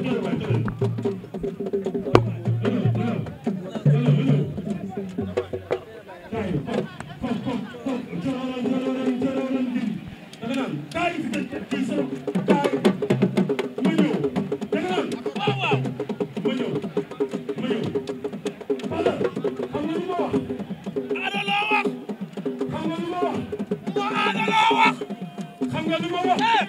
xam nga lu ma wax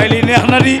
waaye lii neex na di